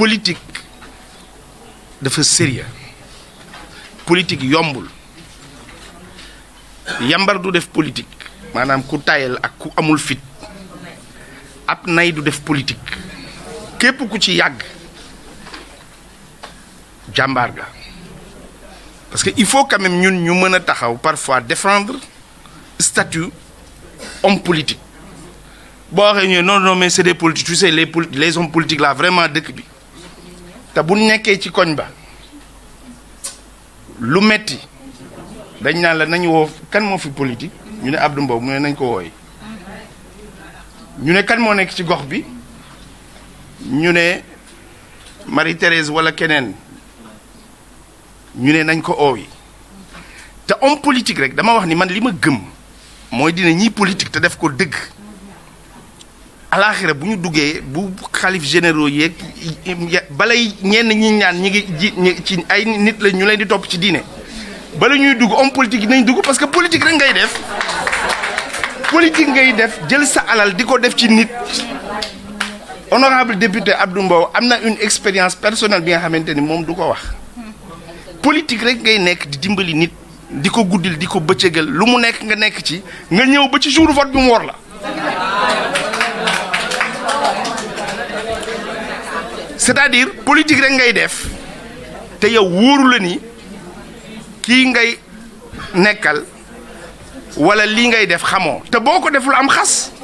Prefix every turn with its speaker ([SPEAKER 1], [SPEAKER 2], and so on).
[SPEAKER 1] politique dafa sérieux politique yombul yambar du def politique manam ku tayel ak ku amul fit ap nay du def politique que ku ci yag djambarga parce que il faut quand même ñun ñu mën taxaw parfois défendre statut homme politique bon waxee non non mais c'est des politiques tu sais les les hommes politiques là vraiment dëkk bi te bu nekkee ci koñ ba lu metti dañ naan la nañu woo kan moo fi politique ñu ne Abdou Mbow mu ne nañ ko wooy ñu ne kan moo nekk ci gox bi ñu ne Marie Thérèse wala keneen ñu ne nañ ko oowi te homme politique rek dama wax ni man li ma gëm mooy dina ñiy politique te def ko dëgg alaaxira bu ñu duggee bu xalif généraux yeeg balay ñenn ñi ñaan ñi ngi ci ay nit la ñu leen di topp ci diine bala ñuy dugg homme politique yi nañ dugg parce que politique rek ngay def politique ngay def jël sa alal di ko def ci nit honorable député Abdou Mbow am na une expérience personnelle bi nga xamante ni moom du ko wax politique rek ngay nekk di dimbali nit di ko guddil di ko bëccëgal lu mu nekk nga nekk ci nga ñëw ba ci jour vote bi mu war la c'est-à-dire politik rek ngay def te yow wóoru la ni kii ngay nekkal walla lii ngay def xamoo te boo ko def am
[SPEAKER 2] xas